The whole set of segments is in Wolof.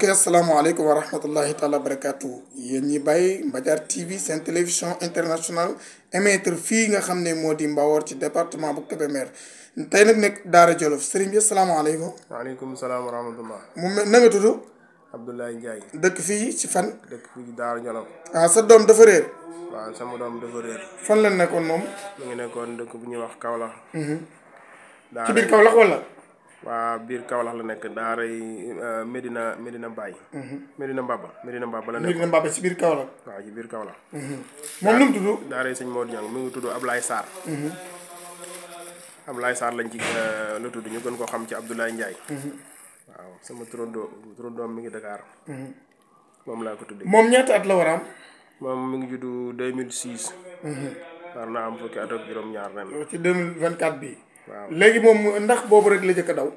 mbokk yi asalaamaaleykum wa rahmatullahi taala barakaatu yéen ñi bàyyi TV seen télévision internationale émettre fii nga xam ne moo di Mbawor ci département bu Kébémer tey nag nekk Daara Jolof sëriñ bi asalaamaaleykum. waaleykum salaam wa rahmatullah. mu na nga tudd. Abdoulaye Ndiaye. dëkk fii ci fan. dëkk fii ci Daara Jolof. ah sa doom dafa réer. waaw sama doom dafa réer. fan la nekkoon moom. ngi nekkoon dëkk bu ñuy wax Kaolack. ci biir Kaolack wala. wa bir kawlax la daara yi eh, Medina Medina Baye. Mhm. Medina Baba Medina Baba la nek Medina Baba ci bir Kaolack. wa ci bir Kaolack. mom mhm. nu tuddu daara yi seigne Modou ñang mi ngi tuddu Ablaye sar mhm. Ablaye sar lañ ci eh, la tuddu ñu gën ko xam ci Abdoulaye ndjay waaw sama trondo trondo mi ngi Dakar. mom la ko tuddee. mom ñaata at la waram mom mi ngi juddu 2006. par na am fukki at ak juróom-ñaar ren. ci 2024 bi. waaw léegi moom ndax boobu rek la jëkk a daw.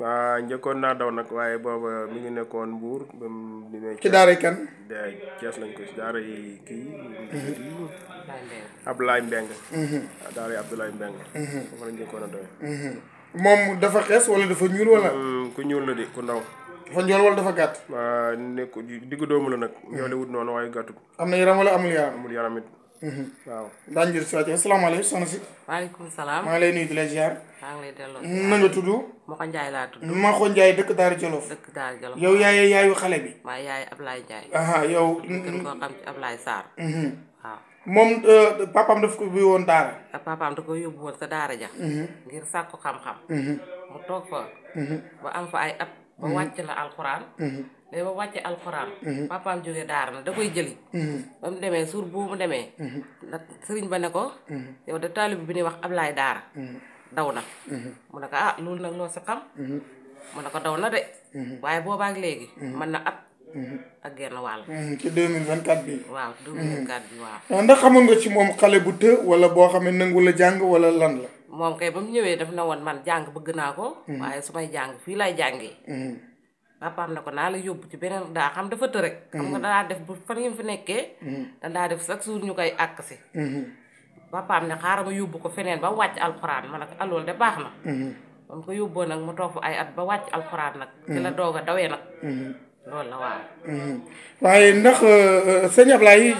waaw njëkkoon naa daw nag waaye booba mi ngi nekkoon buur ba mu demee. ci daara kan. Cees lañ ko ci daara yi kii. Abdoulaye Mbengue. Mhm. daara yi Abdoulaye Mbengue. Mhm. foofu njëkkoon a dawee. Mhm. moom dafa xees wala dafa ñuul wala. Mm, ku ñuul la di ku ndaw. dafa njool wala dafa gàtt. waaw nekk diggu doomu la nag. ñoo wut noonu waaye gàttut. am na yaram wala amul yaram. amul yaram waaw daañu jël si waat yow salaamaaleykum soxna si. waaleykum salaam maa ngi lay nuyu di la maa lay delloo na nga tudd. Maxo laa tudd. Maxo Ndiaye dëkk Daara Jolof. dëkk Daara Jolof yow yaay yaayu xale bi. waaye yaayu Ablaye Ndiaye. yow. gën koo xam ci Ablaye Sarr. Mhm. waaw moom euh, papaam daf ko yóbbu woon Daara. Ah, papaam da ko yóbbu woon sa Daara ja. Mhm. ngir sàkku xam-xam. Mhm. mu toog fa. ba am fa ay at. ba wàcc la alxuraan. day ba wàcce alxuraan. Mhm. papaam jóge daara na da koy jëli. Mhm. ba mu demee suur bu demee. Mhm. ndax sëriñ ba ne ko. yow de taalib bi ni wax Ablaay daara. daw na. mu ne ah loolu nag loo si xam. mu ne ko daw na de. waaye boobaak léegi. mën na at. ak genn wàll. ci deux mille waaw deux mille vingt quatre bi ah, ndax xamoon nga ci moom xale bu të wala boo xam ne nangu la jàng wala lan la. moom kay ba mu ñëwee daf na woon man jàng bëgg naa ko. waaye su may jàng fii laay jàngee. papaam na ko naa la yóbbu ci beneen daa xam dafa të rek xam nga danaa def bu fan yi mu fi nekkee danaa def chaque jour ñu koy àkk si papaam ne xaaral ma yóbbu ko feneen ba wàcc alxuraan ma ne ko alool de baax na moom ko yóbboo nag mu toog ay at ba wàcc alxuraan nag ci la doog a dawee nag loolu la waaw waaye ndax sëñ Ablaye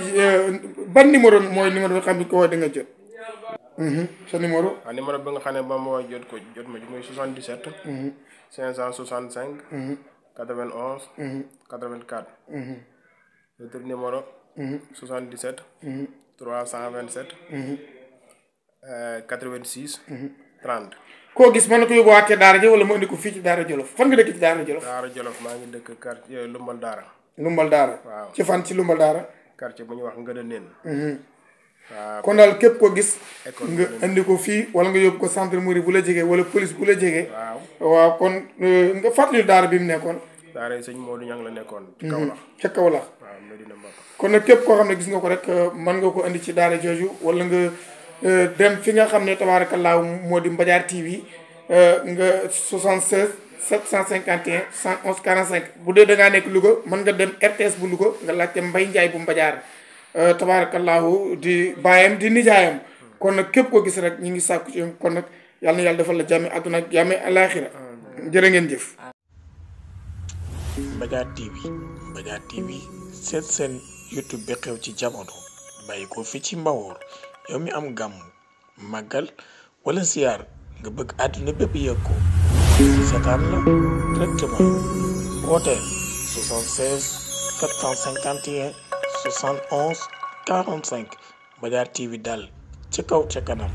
ban numéro mooy numéro bi xam ne ko da nga jot sa numéro waaw numéro bi nga xam ne ba ma jot ko jot ma ji mooy 77 565 91. 84. notre numéro. 77. 327. 86. 30. koo gis mën na ko yóbbuwaat ca Daara ji wala mu indi ko fii ci Daara Jolof fon nga dëkk ci Daara Jolof. Daara Jolof maa ngi dëkk quartier euh, Lumbal Daara. Lumbal Daara. waaw ci fan ci Lumbal Daara. quartier bu ñuy wax Ngëda Neen. Mhm. kon daal képp ko gis nga indi ko fii wala nga yóbbu ko gendarmerie bu la jege wala police bu la jege waaw kon euh, nga fàttali daara bi mu nekkoon daara sëñ Modou Niang la nekkoon ci mhm. Kaolack ca Kaolack kon nag képp koo xam ne gis nga ko rek euh, mën nga ko indi ci daara jooju wala nga euh, dem fi nga xam ne tabaarakallaa moo di Mbadiar TV nga 76 751 111 45 bu dee da ngaa nekk Louga mën nga dem RTS bu Louga nga laajte mbay Ndiaye bu Mbadiar Euh, tabarakallahu di baayam di nijaayam kon nag képp ko gis rek ñu ngi sàkku ci kon nag yàlla na yàlla defal la jàmmi àdduna ak jàmmi alaaxira jërë ngeen jëf Mbadiar TV Mbadiar seet seen YouTube bi xew ci jamono bàyyi ko fi ci mbawoor yow mi am gàmm màggal wala ziyaar nga bëgg àdduna bépp yëg ko seetaan la directement woote 76 751 71 45 Madiar TV daal ci kaw ca kanam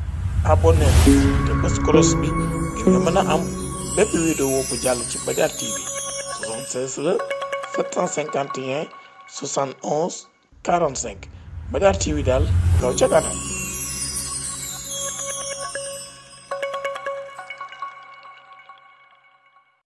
abonné te bés cloche bi ngir mën a am lépp vidéo bu jàll ci Madiar TV 76 la 751 71 45 Madiar TV daal kaw ca kanam.